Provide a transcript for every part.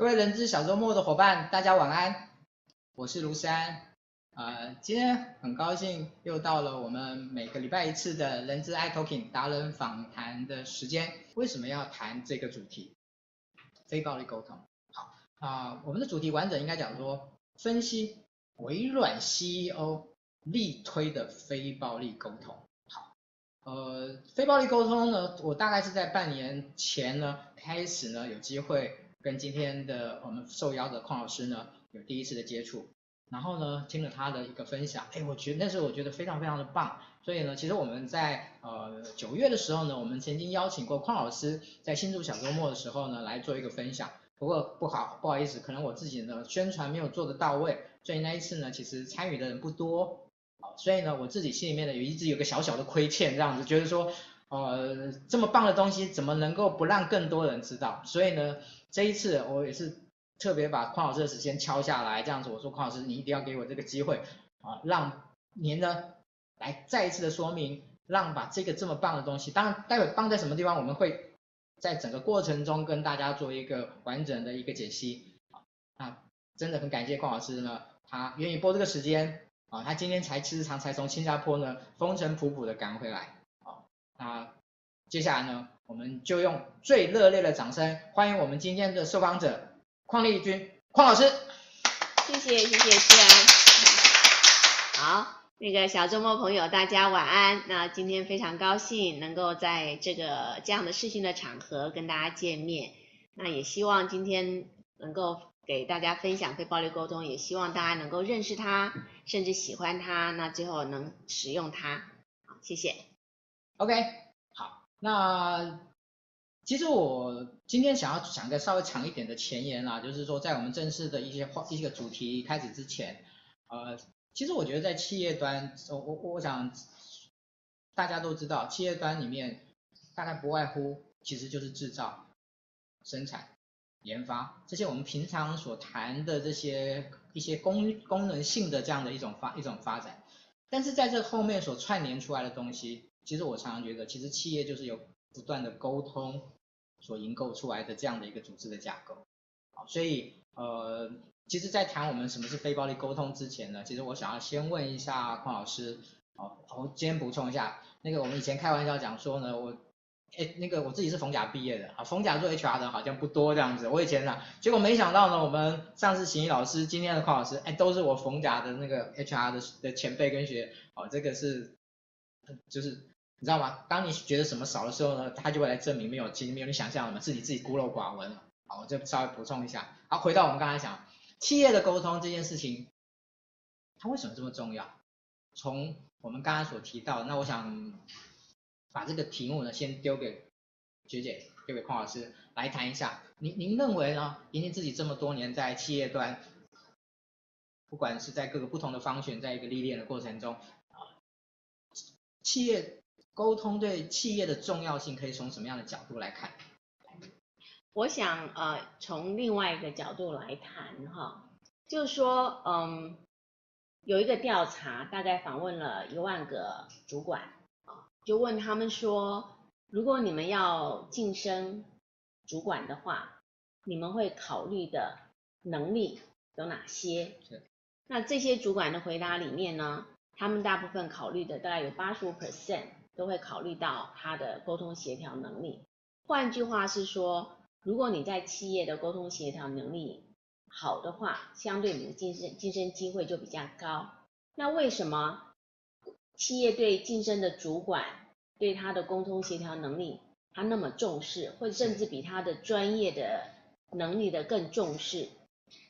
各位人資小周末的伙伴，大家晚安，我是盧珊。啊、呃，今天很高興又到了我們每個禮拜一次的人資 iTalking 達人訪談的時間。為什麼要談這個主題？非暴力溝通。好，啊、呃，我們的主題完整應該講說，分析微軟 CEO 力推的非暴力溝通。好，呃，非暴力溝通呢，我大概是在半年前呢開始呢有機會。跟今天的我們受邀的鄺老師呢有第一次的接觸，然後呢聽了他的一個分享，哎，我覺得那時候我覺得非常非常的棒，所以呢，其實我們在呃九月的時候呢，我們曾經邀請過鄺老師在新竹小周末的時候呢來做一個分享，不過不好不好意思，可能我自己呢宣傳沒有做得到位，所以那一次呢其實參與的人不多，所以呢我自己心裡面呢也一直有個小小的虧欠這樣子，覺得說。呃，這麼棒的東西怎麼能夠不讓更多人知道？所以呢，這一次我也是特別把鄺老師的時間敲下來，這樣子，我說，鄺老師你一定要給我這個機會啊，讓您呢來再一次的說明，讓把這個這麼棒的東西，當然待會放在什麼地方，我們會在整個過程中跟大家做一個完整的一個解析啊，真的很感謝鄺老師呢，他願意撥這個時間啊，他今天才其實才從新加坡呢風塵僕僕的趕回來。那、啊、接下來呢，我們就用最熱烈的掌聲歡迎我們今天的受訪者鄺麗君鄺老師。謝謝謝謝謝安、啊。好，那個小周末朋友大家晚安。那今天非常高興能夠在這個這樣的視訊的場合跟大家見面。那也希望今天能夠給大家分享非暴力溝通，也希望大家能夠認識他，甚至喜歡他，那最後能使用它。好，謝謝。OK，好，那其實我今天想要講個稍微長一點的前言啦、啊，就是說在我們正式的一些話、一個主題開始之前，呃，其實我覺得在企業端，我我我想大家都知道，企業端裡面大概不外乎其實就是制造、生產、研發這些我們平常所談的這些一些功功能性的這樣的一種發一種發展，但是在這後面所串聯出來的東西。其實我常常覺得，其實企業就是由不斷的溝通所營構出來的這樣的一個組織的架構。所以呃，其實，在談我們什麼是非暴力溝通之前呢，其實我想要先問一下鄺老師。哦，我今天補充一下，那個我們以前開玩笑講說呢，我哎那個我自己是逢甲畢業的，啊逢甲做 HR 的好像不多這樣子。我以前呢，結果沒想到呢，我們上次邢毅老師，今天的鄺老師，哎，都是我逢甲的那個 HR 的的前輩跟學。哦，這個是就是。你知道嗎？當你覺得什麼少的時候呢，他就會來證明沒有，其實沒有你想象的，自己自己孤陋寡聞。好，我再稍微補充一下。好、啊，回到我們剛才講企業的溝通這件事情，它為什麼這麼重要？從我們剛剛所提到的，那我想把這個題目呢，先丟給學姐，姐，丟給鄺老師來談一下。您您認為呢？畢竟自己這麼多年在企業端，不管是在各個不同的方選，在一個歷練的過程中，企業。溝通對企業的重要性可以從什麼樣的角度來看？我想，呃，從另外一個角度來談哈、哦，就是說，嗯，有一個調查，大概訪問了一萬個主管啊、哦，就問他們說，如果你們要晉升主管的話，你們會考慮的能力有哪些？是。那這些主管的回答裡面呢，他們大部分考慮的大概有八十五 percent。都會考慮到他的溝通協調能力。換句話是說，如果你在企業的溝通協調能力好的話，相對你的晉升晉升機會就比較高。那為什麼企業對晉升的主管對他的溝通協調能力他那麼重視，或者甚至比他的專業的能力的更重視？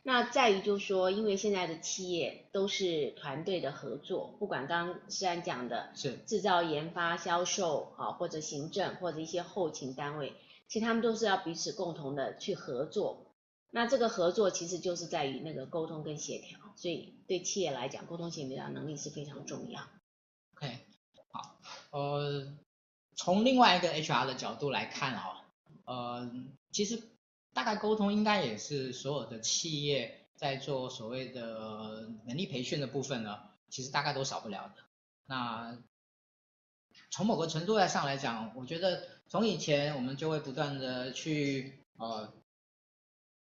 那在於就是說，因為現在的企業都是團隊的合作，不管剛剛詩安講的是制造、研發、銷售啊，或者行政或者一些後勤單位，其實他們都是要彼此共同的去合作。那這個合作其實就是在於那個溝通跟協調，所以對企業來講，溝通協調能力是非常重要。OK，好，呃，從另外一個 HR 的角度來看啊，呃，其實。大概溝通應該也是所有的企業在做所謂的能力培訓的部分呢，其實大概都少不了的。那從某個程度來上來講，我覺得從以前我們就會不斷的去呃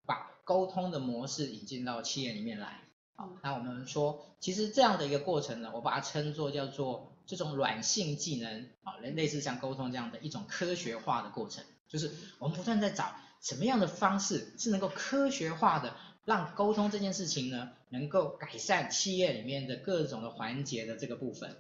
把溝通的模式引進到企業裡面來。好，那我們說其實這樣的一個過程呢，我把它稱作叫做這種軟性技能啊，類似像溝通這樣的一種科學化的過程，就是我們不斷在找。什麼樣的方式是能夠科學化的讓溝通這件事情呢？能夠改善企業裡面的各種的環節的這個部分。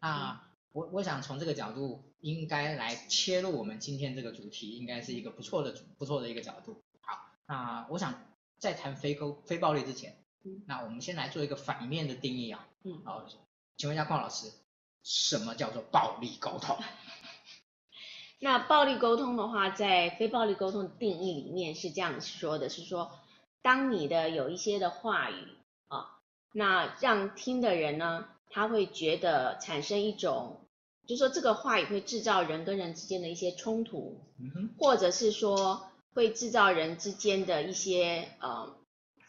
啊，我我想從這個角度應該來切入我們今天這個主題，應該是一個不錯的、不錯的一個角度。好，那我想在談非溝、非暴力之前，那我們先來做一個反面的定義啊。嗯。好，請問一下鄺老師，什麼叫做暴力溝通？那暴力溝通的話，在非暴力溝通的定義裡面是這樣說的，是說當你的有一些的話語啊、哦，那讓聽的人呢，他會覺得產生一種，就是說這個話語會制造人跟人之間的一些衝突，或者是說會制造人之間的一些呃，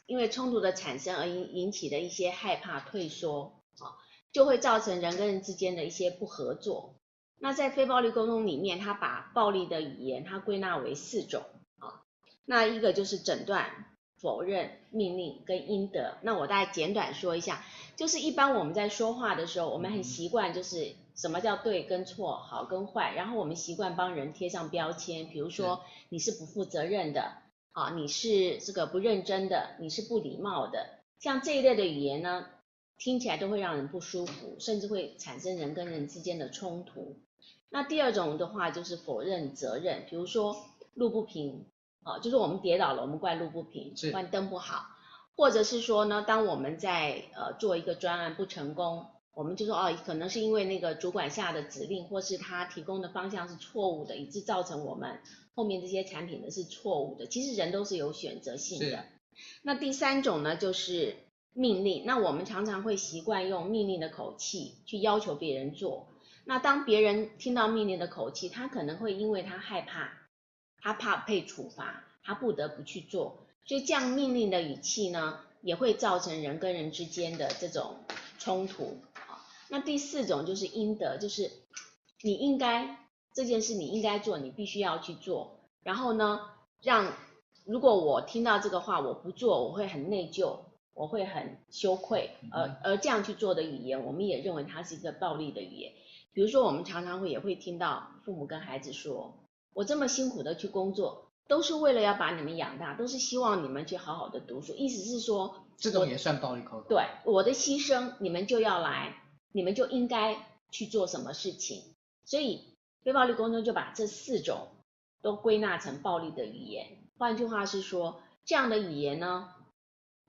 因為衝突的產生而引引起的一些害怕、退縮啊、哦，就會造成人跟人之間的一些不合作。那在非暴力溝通裡面，他把暴力的語言它歸納為四種啊，那一個就是診斷、否認、命令跟應得。那我大概簡短說一下，就是一般我們在說話的時候，我們很習慣就是什麼叫對跟錯、好跟壞，然後我們習慣幫人貼上標籤，比如說你是不負責任的啊，你是這個不認真的，你是不禮貌的，像這一類的語言呢，聽起來都會讓人不舒服，甚至會產生人跟人之間的衝突。那第二種的話就是否認責任，比如說路不平啊，呃，就是我們跌倒了，我們怪路不平，怪燈不好，或者是說呢，當我們在呃做一個專案不成功，我們就說哦，可能是因為那個主管下的指令或是他提供的方向是錯誤的，以致造成我們後面這些產品呢是錯誤的。其實人都是有選擇性的。那第三種呢就是命令，那我們常常會習慣用命令的口氣去要求別人做。那當別人聽到命令的口氣，他可能會因為他害怕，他怕被處罰，他不得不去做。所以這樣命令的語氣呢，也會造成人跟人之間的這種衝突。啊，那第四種就是應得，就是你應該，這件事你應該做，你必須要去做。然後呢，讓如果我聽到這個話我不做，我會很內疚，我會很羞愧。而而這樣去做的語言，我們也認為它是一個暴力的語言。比如說，我們常常會也會聽到父母跟孩子說：“我這麼辛苦的去工作，都是為了要把你們養大，都是希望你們去好好的讀書。”意思是說，這種也算暴力溝通。對，我的犧牲，你們就要來，你們就應該去做什麼事情。所以，非暴力溝通就把這四種都歸納成暴力的語言。換句話是說，這樣的語言呢，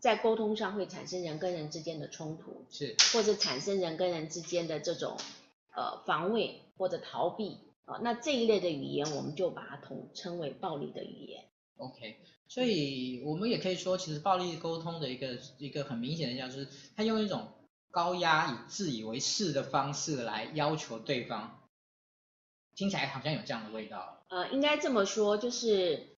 在溝通上會產生人跟人之間的衝突，是或者產生人跟人之間的這種。呃，防衛或者逃避啊、哦，那這一類的語言，我們就把它統稱為暴力的語言。OK，所以我們也可以說，其實暴力溝通的一個一個很明顯的樣子，就是他用一種高壓、以自以為是的方式來要求對方，聽起來好像有這樣的味道。呃，應該這麼說，就是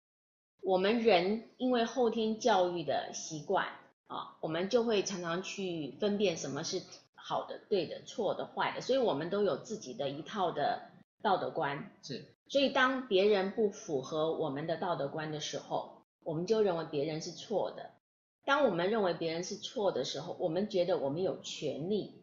我們人因為後天教育的習慣啊，我們就會常常去分辨什麼是。好的、對的、錯的、壞的，所以我們都有自己的一套的道德觀。是。所以當別人不符合我們的道德觀的時候，我們就認為別人是錯的。當我們認為別人是錯的時候，我們覺得我們有權利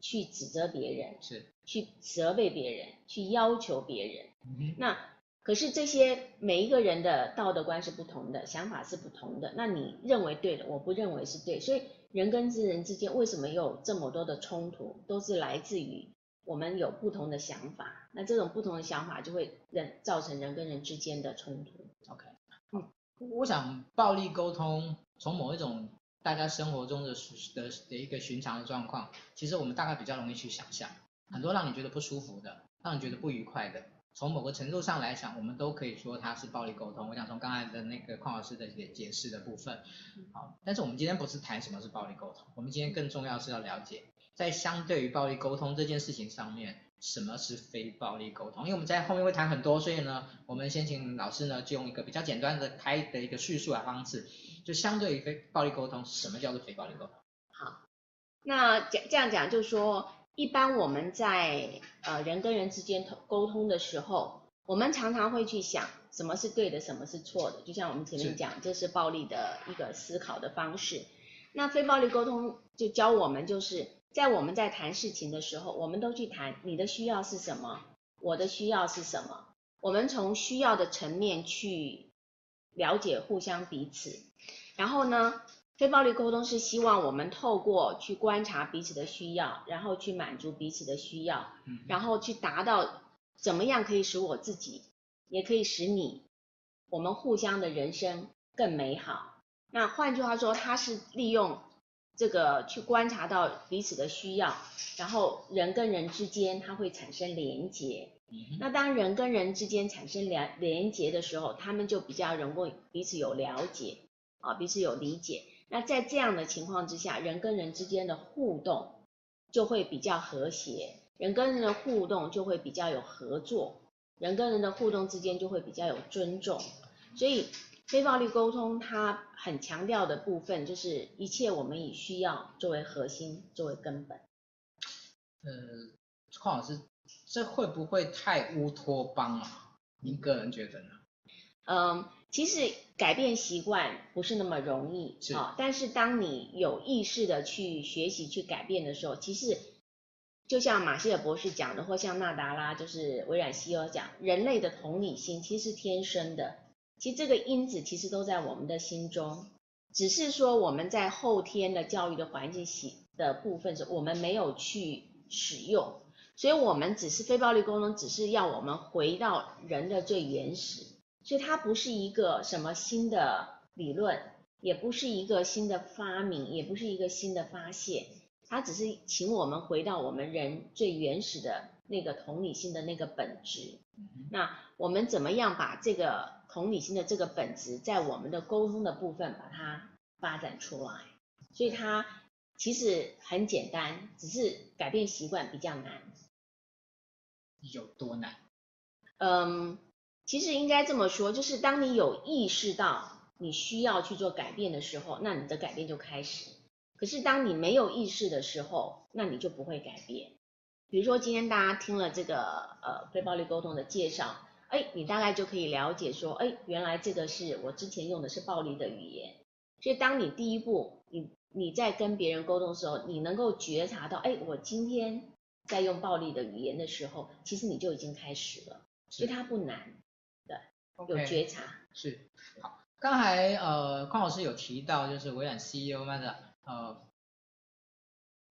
去指責別人，是，去責備別人，去要求別人。Mm-hmm. 那可是這些每一個人的道德觀是不同的，想法是不同的。那你認為對的，我不認為是對，所以。人跟人之間為什麼有這麼多的衝突？都是來自於我們有不同的想法。那這種不同的想法就會人造成人跟人之間的衝突。OK，嗯，我想暴力溝通從某一種大家生活中的的的一個尋常的狀況，其實我們大概比較容易去想象很多讓你覺得不舒服的，讓你覺得不愉快的。從某個程度上來講，我們都可以說它是暴力溝通。我想從剛才的那個鄺老師的解解釋的部分，好，但是我們今天不是談什麼是暴力溝通，我們今天更重要的是要了解，在相對於暴力溝通這件事情上面，什麼是非暴力溝通？因為我們在後面會談很多，所以呢，我們先請老師呢，就用一個比較簡單的開的一個敘述的方式，就相對於非暴力溝通，什麼叫做非暴力溝通？好，那講這樣講，就說。一般我們在呃人跟人之間溝通的時候，我們常常會去想什麼是對的，什麼是錯的。就像我們前面講，是這是暴力的一個思考的方式。那非暴力溝通就教我們，就是在我們在談事情的時候，我們都去談你的需要是什麼，我的需要是什麼，我們從需要的層面去了解互相彼此。然後呢？非暴力溝通是希望我們透過去觀察彼此的需要，然後去滿足彼此的需要，然後去達到怎麼樣可以使我自己也可以使你，我們互相的人生更美好。那換句話說，他是利用這個去觀察到彼此的需要，然後人跟人之間它會產生連結。那當人跟人之間產生連連結的時候，他們就比較能夠彼此有了解啊，彼此有理解。那在這樣的情況之下，人跟人之間的互動就會比較和諧，人跟人的互動就會比較有合作，人跟人的互動之間就會比較有尊重。所以，非暴力溝通它很強調的部分就是一切我們以需要作為核心，作為根本。呃，鄺老師，這會不會太烏托邦了啊？您個人覺得呢？嗯、um，其實改變習慣不是那麼容易，好、啊，但是當你有意識的去學習去改變的時候，其實就像馬歇爾博士講的，或像納達拉就是微軟 CEO 講，人類的同理心其實是天生的，其實這個因子其實都在我們的心中，只是說我們在後天的教育的環境習的部分是我們沒有去使用，所以我們只是非暴力溝通，只是要我們回到人的最原始。所以它不是一個什麼新的理論，也不是一個新的發明，也不是一個新的發現，它只是請我們回到我們人最原始的那個同理心的那個本質。那我們怎麼樣把這個同理心的這個本質，在我們的溝通的部分把它發展出來？所以它其實很簡單，只是改變習慣比較難。有多難？嗯、um。其實應該這麼說，就是當你有意識到你需要去做改變的時候，那你的改變就開始。可是當你沒有意識的時候，那你就不會改變。比如說今天大家聽了這個呃非暴力溝通的介紹，哎，你大概就可以了解說，哎，原來這個是我之前用的是暴力的語言。所以當你第一步，你你在跟別人溝通的時候，你能夠覺察到，哎，我今天在用暴力的語言的時候，其實你就已經開始了。所以它不難。Okay, 有覺察是好。剛才呃鄺老師有提到，就是微軟 CEO 麥的呃，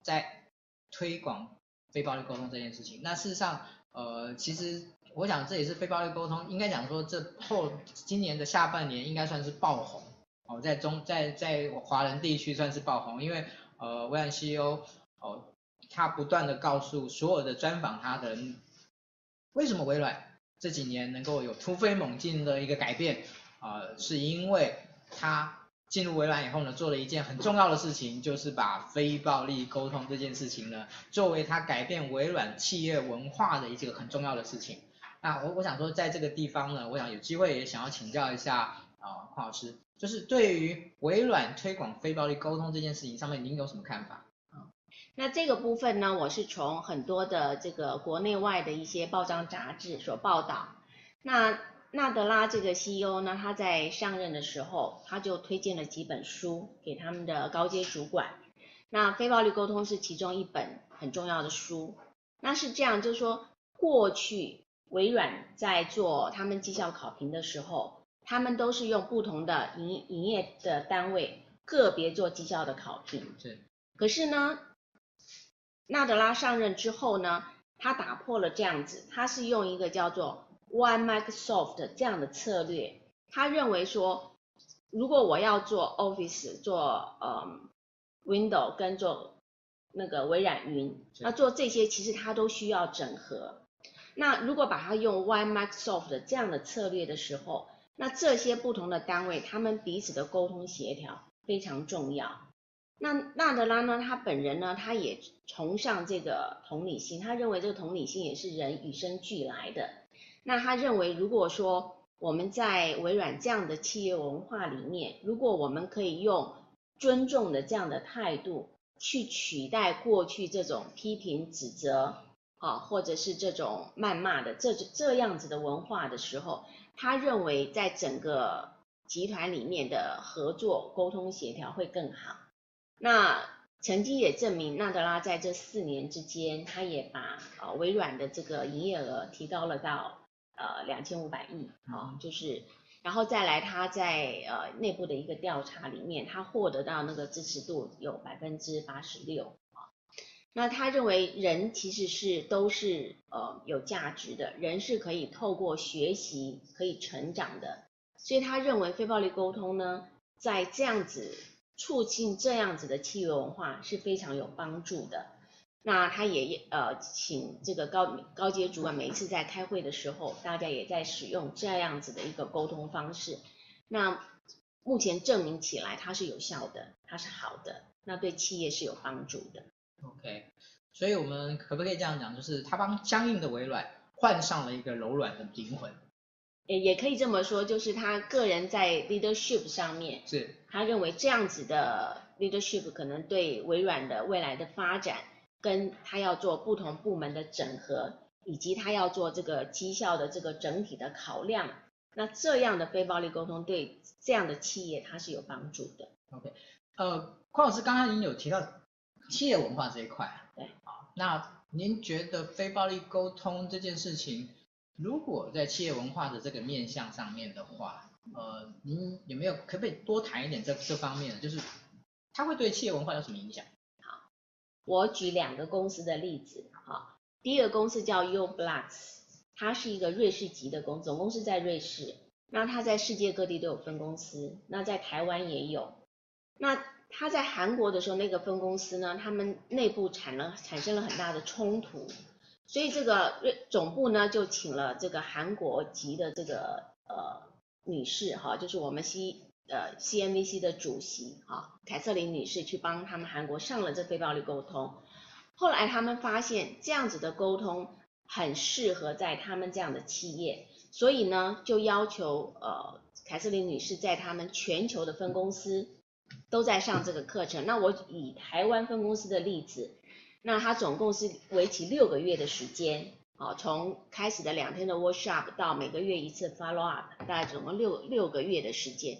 在推廣非暴力溝通這件事情。那事實上呃其實我想這也是非暴力溝通應該講說這後今年的下半年應該算是爆紅哦、呃，在中在在華人地區算是爆紅，因為呃微軟 CEO 哦、呃、他不斷的告訴所有的專訪他的人，為什麼微軟？這幾年能夠有突飛猛進的一個改變，啊、呃，是因為他進入微軟以後呢，做了一件很重要的事情，就是把非暴力溝通這件事情呢，作為他改變微軟企業文化的一個很重要的事情。那我我想說，在這個地方呢，我想有機會也想要請教一下啊，鄺老師，就是對於微軟推廣非暴力溝通這件事情上面，您有什麼看法？那這個部分呢，我是從很多的這個國內外的一些報章雜誌所報道那納德拉這個 CEO 呢，他在上任的時候，他就推薦了幾本書給他們的高階主管。那非暴力溝通是其中一本很重要的書。那是這樣，就是說，過去微軟在做他們績效考評的時候，他們都是用不同的營營業的單位個別做績效的考評。對。可是呢，納德拉上任之後呢，他打破了這樣子，他是用一個叫做 One Microsoft 這樣的策略。他認為說，如果我要做 Office 做、做、嗯、呃 Windows 跟做那個微軟雲，那做這些其實他都需要整合。那如果把它用 One Microsoft 這樣的策略的時候，那這些不同的單位，他們彼此的溝通協調非常重要。那納德拉呢，他本人呢，他也崇尚這個同理心，他認為這個同理心也是人與生俱來的。那他認為，如果說我們在微軟這樣的企業文化裡面，如果我們可以用尊重的這樣的態度去取代過去這種批評指責啊，或者是這種謾罵的這這樣子的文化的時候，他認為在整個集團裡面的合作、溝通、協調會更好。那曾經也證明，納德拉在這四年之間，他也把呃微軟的這個營業額提高了到呃兩千五百億啊，就是然後再來他在呃內部的一個調查裡面，他獲得到那個支持度有百分之八十六啊。那他認為人其實是都是呃有價值的，人是可以透過學習可以成長的，所以他認為非暴力溝通呢，在這樣子。促進這樣子的企業文化是非常有幫助的。那他也也呃，請這個高高階主管每一次在開會的時候，大家也在使用這樣子的一個溝通方式。那目前證明起來它是有效的，它是好的，那對企業是有幫助的。OK，所以我們可不可以這樣講，就是他幫僵硬的微軟換上了一個柔軟的靈魂？也也可以這麼說，就是他個人在 leadership 上面，是，他認為這樣子的 leadership 可能對微軟的未來的發展，跟他要做不同部門的整合，以及他要做這個績效的這個整體的考量，那這樣的非暴力溝通對這樣的企業它是有幫助的。OK，呃，鄺老師剛剛您有提到企業文化這一塊啊，對好，那您覺得非暴力溝通這件事情？如果在企業文化的這個面向上面的話，呃，您、嗯、有沒有可不可以多談一點這這方面？就是它會對企業文化有什麼影響？好，我舉兩個公司的例子。哈，第一個公司叫 u b l u c s，它是一個瑞士籍的公司總公司在瑞士，那它在世界各地都有分公司，那在台灣也有。那它在韓國的時候，那個分公司呢，他們內部產了產生了很大的衝突。所以這個瑞總部呢，就請了這個韓國籍的這個呃女士，哈，就是我們 C 呃 CNVC 的主席哈凱瑟琳女士去幫他們韓國上了這非暴力溝通。後來他們發現這樣子的溝通很適合在他們這樣的企業，所以呢就要求呃凱瑟琳女士在他們全球的分公司都在上這個課程。那我以台灣分公司的例子。那他總共是為期六個月的時間，啊，從開始的兩天的 workshop 到每個月一次 follow up，大概總共六六個月的時間。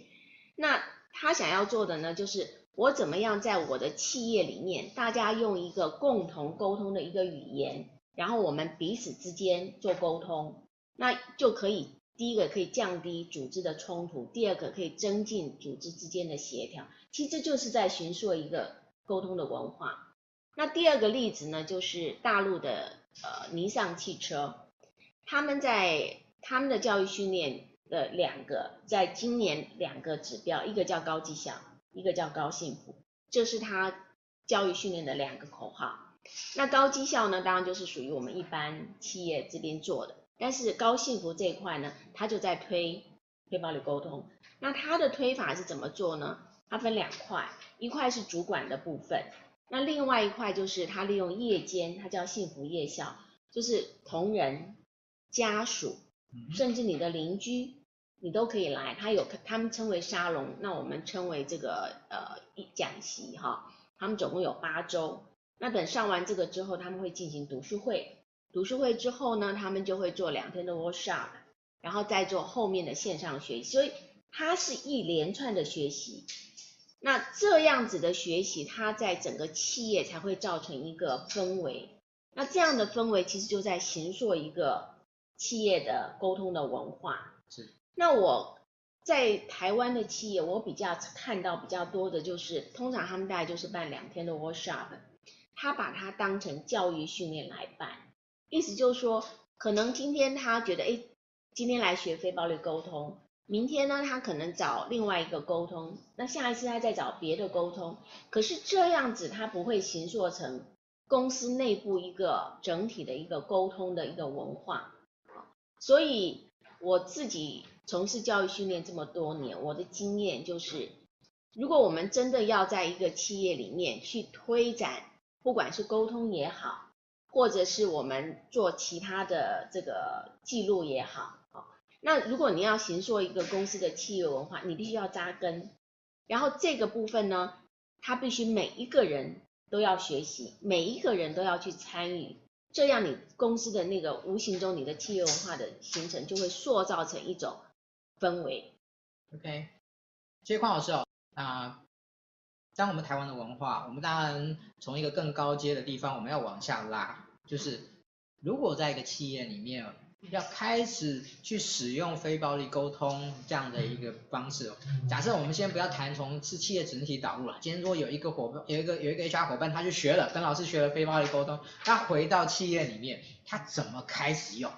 那他想要做的呢，就是我怎麼樣在我的企業裡面，大家用一個共同溝通的一個語言，然後我們彼此之間做溝通，那就可以第一個可以降低組織的衝突，第二個可以增進組織之間的協調，其實這就是在重塑一個溝通的文化。那第二個例子呢，就是大陸的呃、尼桑汽車，他們在他們的教育訓練的兩個，在今年兩個指標，一個叫高績效，一個叫高幸福，這是他教育訓練的兩個口號。那高績效呢，當然就是屬於我們一般企業這邊做的，但是高幸福這一塊呢，他就在推推非暴力溝通。那他的推法是怎麼做呢？他分兩塊，一塊是主管的部分。那另外一塊就是他利用夜間，他叫幸福夜校，就是同仁、家屬，甚至你的鄰居，你都可以來。他有他們稱為沙龍，那我們稱為這個呃講習哈。他們總共有八周。那等上完這個之後，他們會進行讀書會。讀書會之後呢，他們就會做兩天的 workshop，然後再做後面的線上學習。所以他是一連串的學習。那這樣子的學習，它在整個企業才會造成一個氛圍。那這樣的氛圍，其實就在形塑一個企業的溝通的文化。是。那我在台灣的企業，我比較看到比較多的就是，通常他們大概就是辦兩天的 workshop，他把它當成教育訓練來辦，意思就是說，可能今天他覺得，哎、欸，今天來學非暴力溝通。明天呢，他可能找另外一個溝通，那下一次他再找別的溝通。可是這樣子他不會形塑成公司內部一個整體的一個溝通的一個文化。所以我自己從事教育訓練這麼多年，我的經驗就是，如果我們真的要在一個企業裡面去推展，不管是溝通也好，或者是我們做其他的這個記錄也好。那如果你要形塑一個公司的企業文化，你必須要紮根，然後這個部分呢，它必須每一個人都要學習，每一個人都要去參與，這樣你公司的那個無形中你的企業文化的形成就會塑造成一種氛圍。OK，謝鄺老師哦，啊、呃，將我們台灣的文化，我們當然從一個更高階的地方，我們要往下拉，就是如果在一個企業裡面。要開始去使用非暴力溝通這樣的一個方式哦。假設我們先不要談從事企業整體導入了，今天如果有一個夥伴，有一個有一個 HR 夥伴，他去學了，跟老師學了非暴力溝通，他回到企業裡面，他怎麼開始用？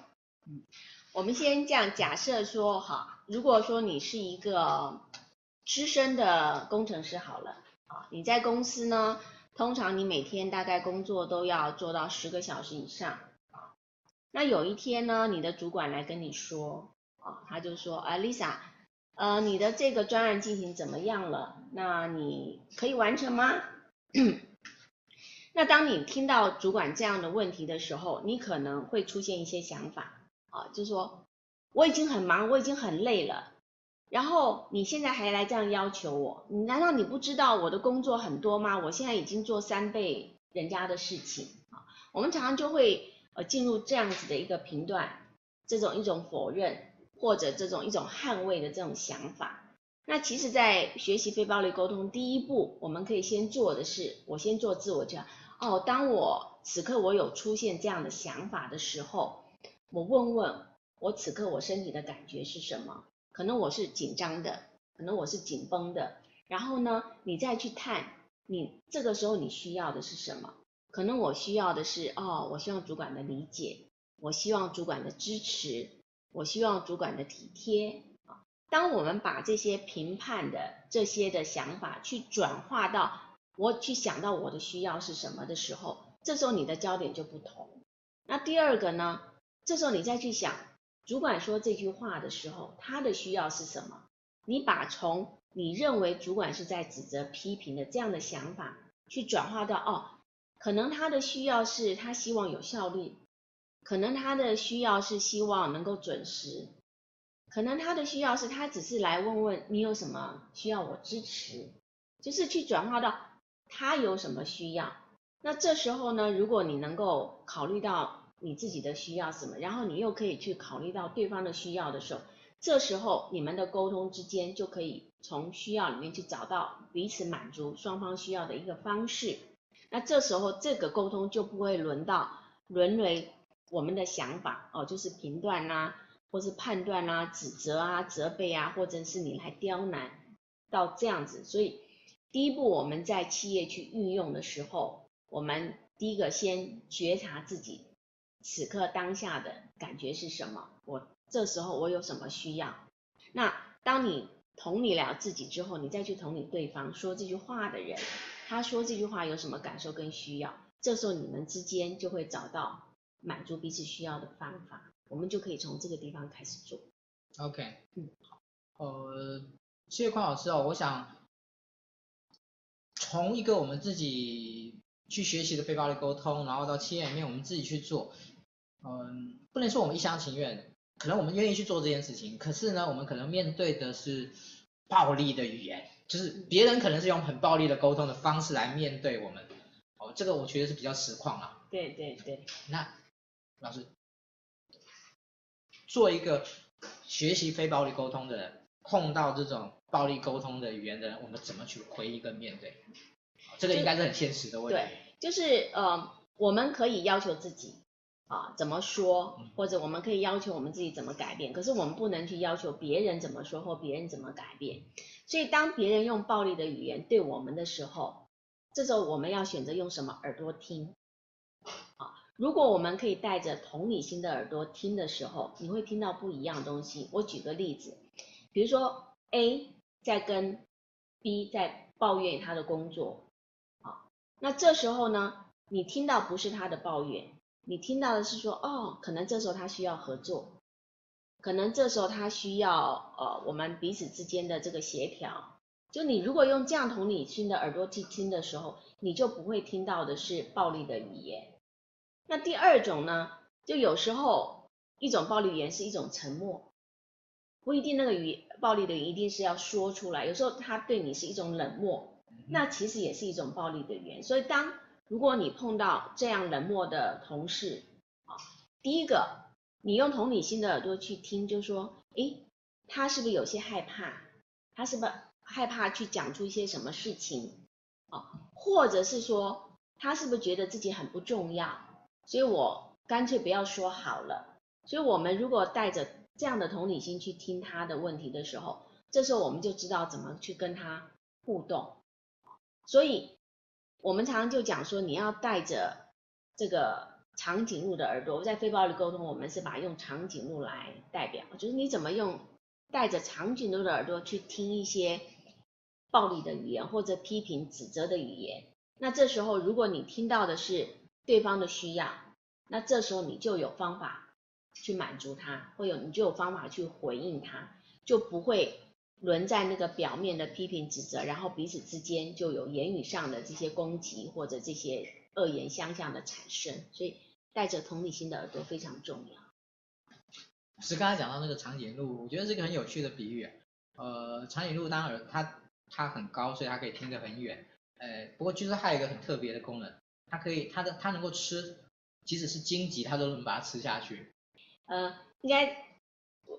嗯，我們先這樣假設說哈，如果說你是一個資深的工程師好了，啊，你在公司呢，通常你每天大概工作都要做到十個小時以上。那有一天呢，你的主管來跟你說啊，他就說啊，Lisa，呃，你的這個專案進行怎麼樣了？那你可以完成嗎？ 那當你聽到主管這樣的問題的時候，你可能會出現一些想法啊，就是說我已經很忙，我已經很累了，然後你現在還來這樣要求我，你難道你不知道我的工作很多嗎？我現在已經做三倍人家的事情啊，我們常常就會。而進入這樣子的一個頻段，這種一種否認或者這種一種捍衛的這種想法。那其實，在學習非暴力溝通，第一步我們可以先做的是，我先做自我覺。哦，當我此刻我有出現這樣的想法的時候，我問問我此刻我身體的感覺是什麼？可能我是緊張的，可能我是緊繃的。然後呢，你再去探你這個時候你需要的是什麼？可能我需要的是哦，我希望主管的理解，我希望主管的支持，我希望主管的體貼。當我們把這些評判的這些的想法去轉化到我去想到我的需要是什麼的時候，這時候你的焦點就不同。那第二個呢？這時候你再去想，主管說這句話的時候，他的需要是什麼？你把從你認為主管是在指責批評的這樣的想法去轉化到哦。可能他的需要是他希望有效率，可能他的需要是希望能夠準時，可能他的需要是他只是來問問你有什麼需要我支持，就是去轉化到他有什麼需要。那這時候呢，如果你能夠考慮到你自己的需要什麼，然後你又可以去考慮到對方的需要的時候，這時候你們的溝通之間就可以從需要裡面去找到彼此滿足雙方需要的一個方式。那這時候，這個溝通就不會輪到淪為我們的想法哦，就是評斷吶、啊，或是判斷吶、啊、指責啊、責備啊，或者是你來刁難到這樣子。所以，第一步我們在企業去運用的時候，我們第一個先覺察自己此刻當下的感覺是什麼，我這時候我有什麼需要？那當你同理了自己之後，你再去同理對方說這句話的人。他說這句話有什麼感受跟需要？這時候你們之間就會找到滿足彼此需要的方法，我們就可以從這個地方開始做。OK，嗯，好，呃，謝謝鄺老師哦，我想從一個我們自己去學習的非暴力溝通，然後到企業裡面我們自己去做，嗯、呃，不能說我們一廂情願，可能我們願意去做這件事情，可是呢，我們可能面對的是暴力的語言。就是別人可能是用很暴力的溝通的方式來面對我們，哦，這個我覺得是比較實況啊，對對對。那老師，做一個學習非暴力溝通的人，碰到這種暴力溝通的語言的人，我們怎麼去回應跟面對？哦，這個應該是很現實的問題。對，就是呃，我們可以要求自己。啊，怎麼說？或者我們可以要求我們自己怎麼改變，可是我們不能去要求別人怎麼說或別人怎麼改變。所以，當別人用暴力的語言對我們的時候，這時候我們要選擇用什麼耳朵聽？啊，如果我們可以帶着同理心的耳朵聽的時候，你會聽到不一樣的東西。我舉個例子，比如說 A 在跟 B 在抱怨他的工作，啊，那這時候呢，你聽到不是他的抱怨。你聽到的是說，哦，可能這時候他需要合作，可能這時候他需要，呃、哦，我們彼此之間的這個協調。就你如果用這樣同理心的耳朵去聽的時候，你就不會聽到的是暴力的語言。那第二種呢，就有時候一種暴力語言是一種沉默，不一定那個語暴力的語言一定是要說出來，有時候他對你是一種冷漠，那其實也是一種暴力的語言。所以當如果你碰到這樣冷漠的同事啊，第一個，你用同理心的耳朵去聽，就說，誒，他是不是有些害怕？他是不是害怕去講出一些什麼事情？啊，或者是說，他是不是覺得自己很不重要？所以我乾脆不要說好了。所以我們如果帶着這樣的同理心去聽他的問題的時候，這時候我們就知道怎麼去跟他互動。所以。我們常常就講說，你要帶着這個長頸鹿的耳朵。我在非暴力溝通，我們是把用長頸鹿來代表，就是你怎麼用帶着長頸鹿的耳朵去聽一些暴力的語言或者批評指責的語言。那這時候，如果你聽到的是對方的需要，那這時候你就有方法去滿足他，會有你就有方法去回應他，就不會。輪在那個表面的批評指責，然後彼此之間就有言語上的這些攻擊或者這些惡言相向的產生，所以帶着同理心的耳朵非常重要。是剛才講到那個長頸鹿，我覺得這個很有趣的比喻。呃，長頸鹿當然它它很高，所以它可以聽得很遠。呃，不過據說它有一個很特別的功能，它可以它的它能夠吃，即使是荊棘它都能把它吃下去。呃，應該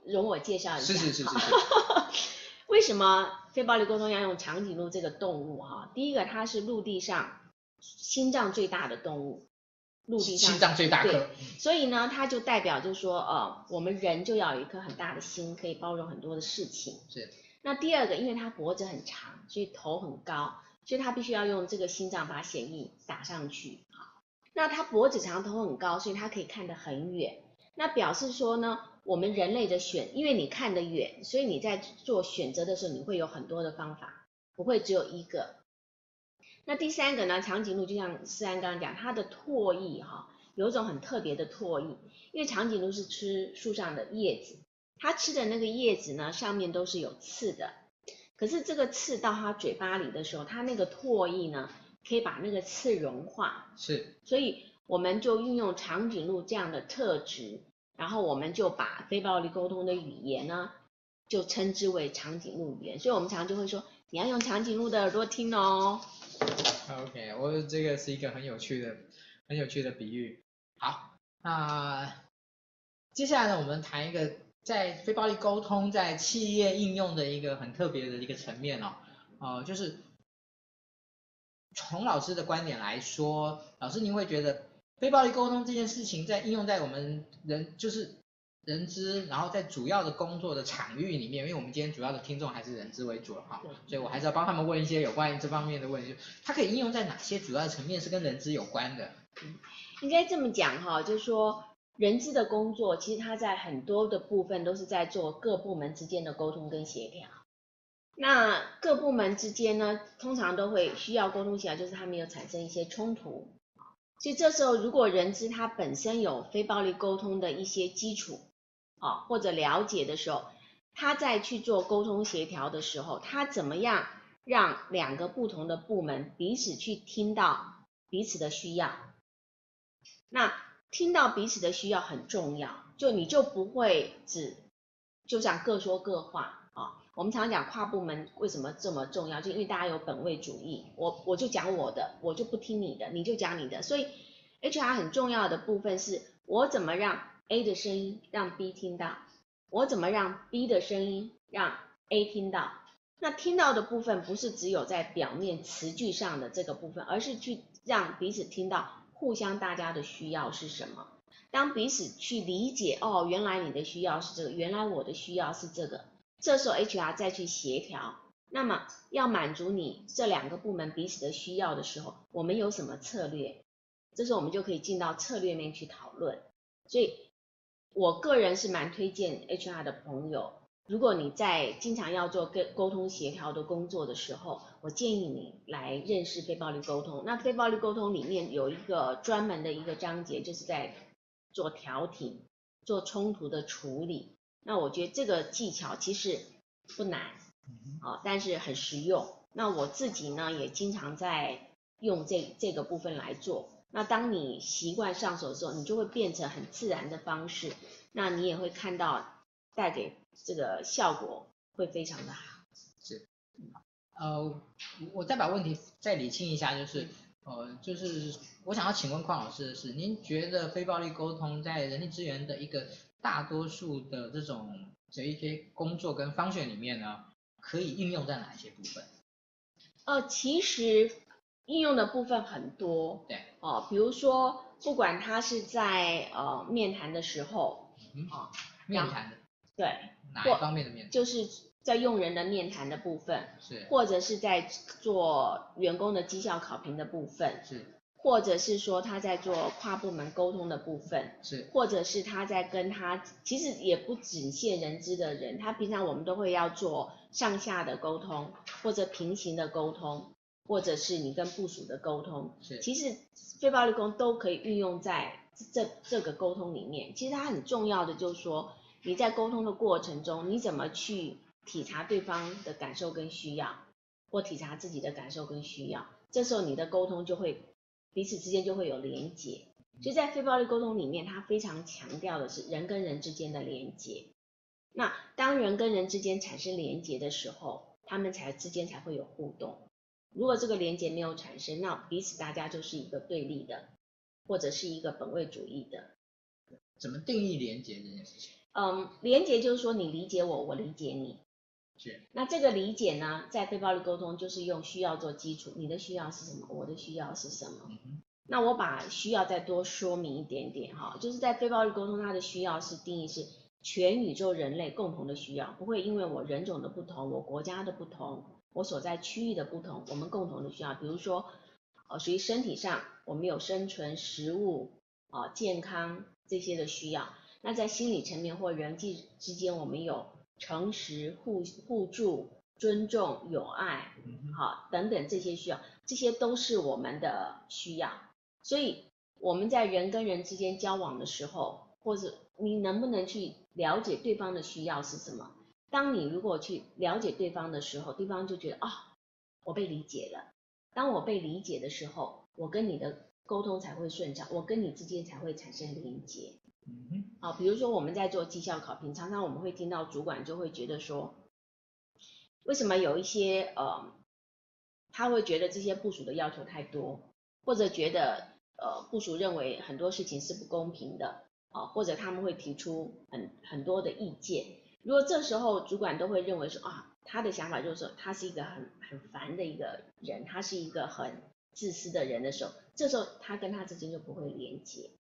容我介紹一下。是是是是是。 為什麼非暴力溝通要用長頸鹿這個動物啊？哈，第一個，它是陸地上心臟最大的動物，陸地上心臟最大。對，所以呢，它就代表就是說，呃，我們人就要有一顆很大的心，可以包容很多的事情。是。那第二個，因為它脖子很長，所以頭很高，所以它必須要用這個心臟把血液打上去。哈，那它脖子長，頭很高，所以它可以看得很遠。那表示說呢？我們人類的選，因為你看得遠，所以你在做選擇的時候，你會有很多的方法，不會只有一個。那第三個呢？長頸鹿就像思安剛剛講，它的唾液哈、哦，有一種很特別的唾液，因為長頸鹿是吃樹上的葉子，它吃的那個葉子呢，上面都是有刺的，可是這個刺到它嘴巴裡的時候，它那個唾液呢，可以把那個刺融化。是。所以我們就運用長頸鹿這樣的特質。然後我們就把非暴力溝通的語言呢，就稱之為長頸鹿語言，所以我們常常就會說，你要用長頸鹿的耳朵聽哦。OK，我覺得這個是一個很有趣的、很有趣的比喻。好，那、呃、接下來呢，我們談一個在非暴力溝通在企業應用的一個很特別的一個層面哦，哦、呃，就是從老師的觀點來說，老師您會覺得？非暴力溝通這件事情，在應用在我們人就是人資，然後在主要的工作的場域裡面，因為我們今天主要的聽眾還是人資為主哈，所以我還是要幫他們問一些有關於這方面的問題。它可以應用在哪些主要的層面是跟人資有關的？應該這麼講哈，就是說人資的工作，其實他在很多的部分都是在做各部門之間的溝通跟協調。那各部門之間呢，通常都會需要溝通協調，就是他們有產生一些衝突。所以這時候，如果人資他本身有非暴力溝通的一些基礎啊、哦，或者了解的時候，他在去做溝通協調的時候，他怎麼樣讓兩個不同的部門彼此去聽到彼此的需要？那聽到彼此的需要很重要，就你就不會只就這樣各說各話。我們常講跨部門為什麼這麼重要？就因為大家有本位主義，我我就講我的，我就不聽你的，你就講你的。所以，HR 很重要的部分是，我怎麼讓 A 的聲音讓 B 聽到，我怎麼讓 B 的聲音讓 A 聽到。那聽到的部分不是只有在表面詞句上的這個部分，而是去讓彼此聽到，互相大家的需要是什麼。當彼此去理解，哦，原來你的需要是這個，原來我的需要是這個。這時候 HR 再去協調，那麼要滿足你這兩個部門彼此的需要的時候，我們有什麼策略？這時候我們就可以進到策略面去討論。所以，我個人是蠻推薦 HR 的朋友，如果你在經常要做跟溝通協調的工作的時候，我建議你來認識非暴力溝通。那非暴力溝通裡面有一個專門的一個章節，就是在做調停、做衝突的處理。那我覺得這個技巧其實不難，啊、哦，但是很實用。那我自己呢也經常在用這這個部分來做。那當你習慣上手的時候，你就會變成很自然的方式。那你也會看到帶給這個效果會非常的好。是，呃，我再把問題再理清一下，就是。呃，就是我想要請問鄺老師的是，您覺得非暴力溝通在人力資源的一個大多數的這種這一些工作跟 function 裡面呢，可以應用在哪一些部分？哦、呃，其實應用的部分很多。對。哦、呃，比如說，不管他是在呃面談的時候，嗯，嗯面談的，對，哪一方面的面談？就是。在用人的面談的部分是，或者是在做員工的績效考評的部分是，或者是說他在做跨部門溝通的部分是，或者是他在跟他，其實也不僅限人資的人，他平常我們都會要做上下的溝通，或者平行的溝通，或者是你跟部屬的溝通是，其實非暴力溝通都可以運用在這這個溝通裡面，其實它很重要的就是說你在溝通的過程中你怎麼去。體察對方的感受跟需要，或體察自己的感受跟需要，這時候你的溝通就會彼此之間就會有連接。所以在非暴力溝通裡面，它非常強調的是人跟人之間的連接。那當人跟人之間產生連接的時候，他們才之間才會有互動。如果這個連接沒有產生，那彼此大家就是一個對立的，或者是一個本位主義的。怎麼定義連接這件事情？嗯，連接就是說你理解我，我理解你。是，那這個理解呢，在非暴力溝通就是用需要做基礎，你的需要是什麼，我的需要是什麼？嗯、那我把需要再多說明一點點哈，就是在非暴力溝通，它的需要是定義是全宇宙人類共同的需要，不會因為我人種的不同，我國家的不同，我所在區域的不同，我們共同的需要，比如說，呃、哦，屬於身體上，我們有生存、食物、啊、哦、健康這些的需要，那在心理層面或人際之間，我們有。誠實、互互助、尊重、友愛，好，等等這些需要，這些都是我們的需要。所以我們在人跟人之間交往的時候，或者你能不能去了解對方的需要是什麼？當你如果去了解對方的時候，對方就覺得啊、哦，我被理解了。當我被理解的時候，我跟你的溝通才會順暢，我跟你之間才會產生連接。啊、哦，比如說我們在做績效考評，常常我們會聽到主管就會覺得說，為什麼有一些呃，他會覺得這些部屬的要求太多，或者覺得呃部屬認為很多事情是不公平的啊、呃，或者他們會提出很很多的意見。如果這時候主管都會認為說啊，他的想法就是說他是一個很很煩的一個人，他是一個很自私的人的時候，這時候他跟他之間就不會連接。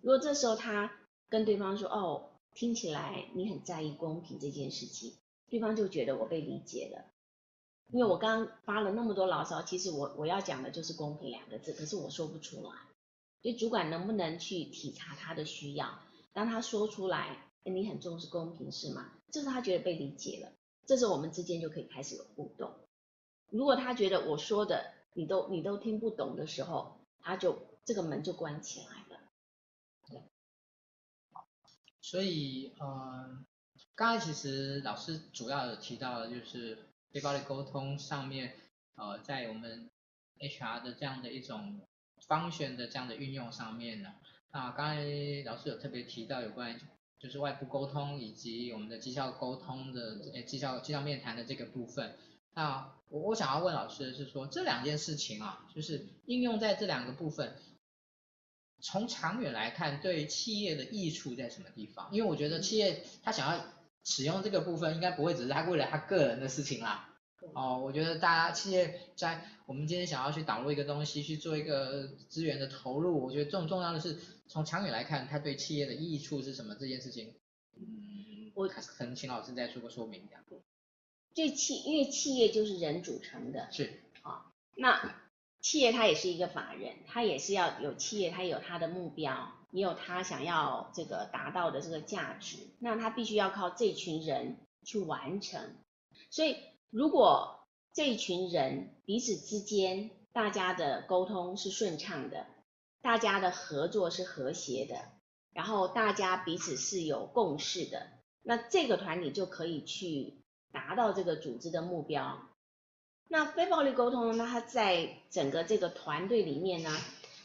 如果這時候他。跟對方說哦，聽起來你很在意公平這件事情，對方就覺得我被理解了，因為我剛發了那麼多牢騷，其實我我要講的就是公平兩個字，可是我說不出來，就主管能不能去體察他的需要，當他說出來，你很重視公平是嗎？這時候他覺得被理解了，這時候我們之間就可以開始有互動。如果他覺得我說的你都你都聽不懂的時候，他就這個門就關起來。所以，呃，剛才其實老師主要有提到的就是非暴力溝通上面，呃，在我們 HR 的這樣的一種方選的這樣的運用上面呢，那、呃、剛才老師有特別提到有關於就是外部溝通以及我們的績效溝通的績效績效面談的這個部分，那、呃、我我想要問老師的是說這兩件事情啊，就是應用在這兩個部分，從長遠來看，對企業的益處在什麼地方？因為我覺得企業他想要使用這個部分，應該不會只是他為了他個人的事情啦。哦，我覺得大家企業在我們今天想要去導入一個東西，去做一個資源的投入，我覺得更重要的是從長遠來看，它對企業的益處是什麼這件事情。嗯，我可能請老師再做個說明一下。對企，因為企業就是人組成的。是。好，哦，那。企業它也是一個法人，它也是要有企業，它有它的目標，也有它想要這個達到的這個價值。那它必須要靠這群人去完成。所以，如果這群人彼此之間大家的溝通是順暢的，大家的合作是和諧的，然後大家彼此是有共識的，那這個團體就可以去達到這個組織的目標。那非暴力溝通呢，它在整個這個團隊裡面呢，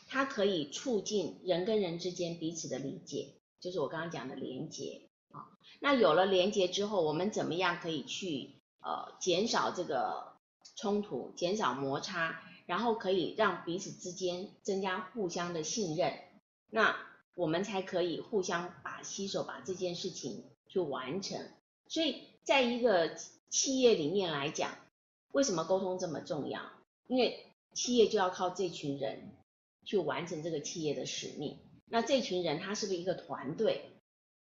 它可以促進人跟人之間彼此的理解，就是我剛剛講的連接啊。那有了連接之後，我們怎麼樣可以去呃減少這個衝突，減少摩擦，然後可以讓彼此之間增加互相的信任，那我們才可以互相把攜手把這件事情去完成。所以在一個企業裡面來講。為什麼溝通這麼重要？因為企業就要靠這群人去完成這個企業的使命。那這群人他是不是一個團隊？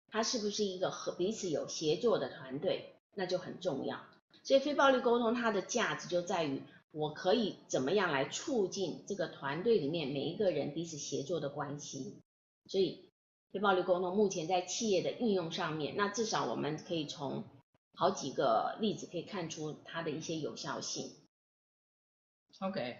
他是不是一個和彼此有協作的團隊？那就很重要。所以非暴力溝通它的價值就在於，我可以怎麼樣來促進這個團隊裡面每一個人彼此協作的關係。所以非暴力溝通目前在企業的應用上面，那至少我們可以從。好幾個例子可以看出它的一些有效性。OK，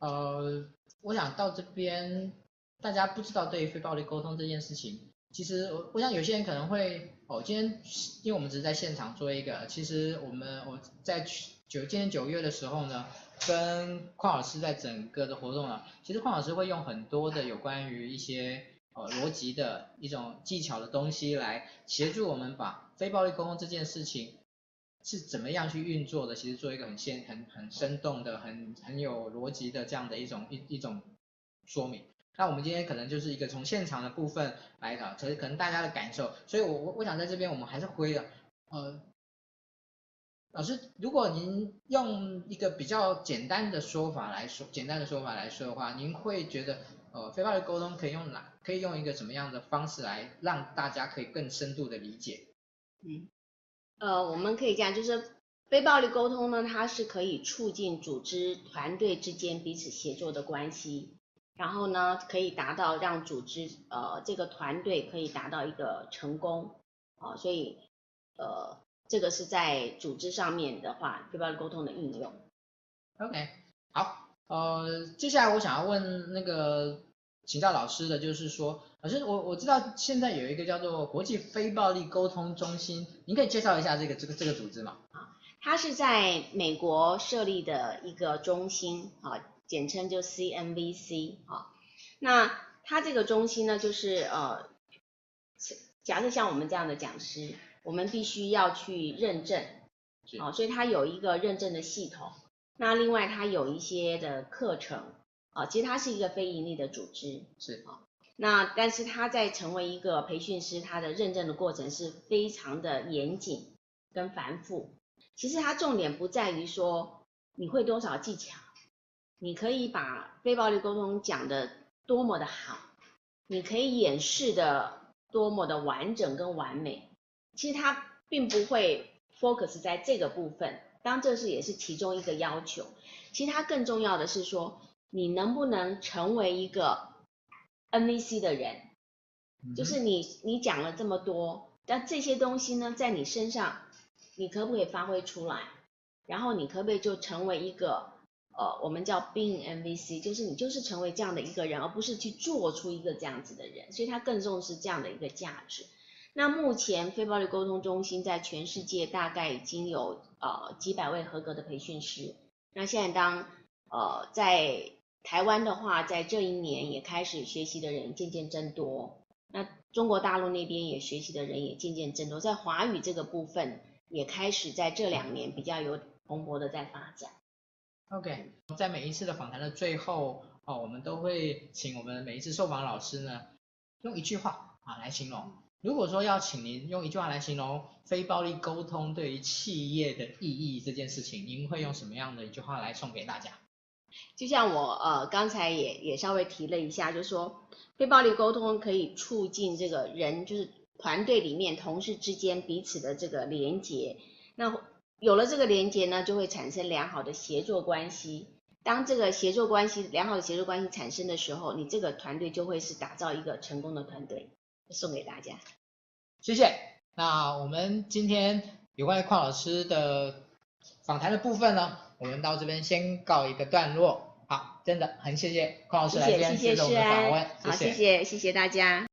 呃，我想到這邊大家不知道對於非暴力溝通這件事情，其實我我想有些人可能會，哦，今天因為我們只是在現場做一個，其實我們我在九今年九月的時候呢，跟鄺老師在整個的活動啊，其實鄺老師會用很多的有關於一些呃邏輯的一種技巧的東西來協助我們把。非暴力溝通這件事情是怎麼樣去運作的？其實做一個很現，很很生動的、很很有邏輯的這樣的一種一一種說明。那我們今天可能就是一個從現場的部分來講，可可能大家的感受。所以我我我想在這邊我們還是回到。呃，老師，如果您用一個比較簡單的說法來說，簡單的說法來說的話，您會覺得，呃，非暴力溝通可以用哪？可以用一個怎麼樣的方式來讓大家可以更深度的理解？嗯，呃，我們可以講，就是非暴力溝通呢，它是可以促進組織團隊之間彼此協作的關係，然後呢，可以達到讓組織呃這個團隊可以達到一個成功，啊、呃，所以呃這個是在組織上面的話，非暴力溝通的應用。OK，好，呃，接下來我想要問那個。請教老師的就是說，老師，我我知道現在有一個叫做國際非暴力溝通中心，您可以介紹一下這個這個這個組織嗎？啊，它是在美國設立的一個中心啊，簡稱就 CNVC 啊。那它這個中心呢，就是呃，假設像我們這樣的講師，我們必須要去認證，啊，所以它有一個認證的系統。那另外它有一些的課程。啊，其實它是一個非盈利的組織，是啊，哦，那但是他在成為一個培訓師，他的認證的過程是非常的嚴謹跟繁複。其實他重點不在於說你會多少技巧，你可以把非暴力溝通講得多麼的好，你可以演示的多麼的完整跟完美，其實他並不會 focus 在這個部分，當然這是也是其中一個要求，其實他更重要的是說，你能不能成為一個 NVC 的人？Mm-hmm. 就是你，你講了這麼多，但這些東西呢，在你身上，你可不可以發揮出來？然後你可不可以就成為一個呃，我們叫 being NVC，就是你就是成為這樣的一個人，而不是去做出一個這樣子的人。所以他更重視這樣的一個價值。那目前非暴力溝通中心在全世界大概已經有呃幾百位合格的培訓師。那現在當呃在台灣的話，在這一年也開始學習的人漸漸增多。那中國大陸那邊也學習的人也漸漸增多，在華語這個部分也開始在這兩年比較有蓬勃的在發展。OK，在每一次的訪談的最後，哦，我們都會請我們每一次受訪老師呢，用一句話啊來形容。如果說要請您用一句話來形容非暴力溝通對於企業的意義這件事情，您會用什麼樣的一句話來送給大家？就像我呃剛才也也稍微提了一下，就說非暴力溝通可以促進這個人，就是團隊裡面同事之間彼此的這個連接，那有了這個連接呢，就會產生良好的協作關係。當這個協作關係，良好的協作關係產生的時候，你這個團隊就會是打造一個成功的團隊。送給大家，謝謝。那我們今天有關於鄺老師的訪談的部分呢，我們到這邊先告一個段落，好，真的很謝謝鄺老師來這邊接受我們的訪問，啊，謝謝，好，謝謝，謝謝大家。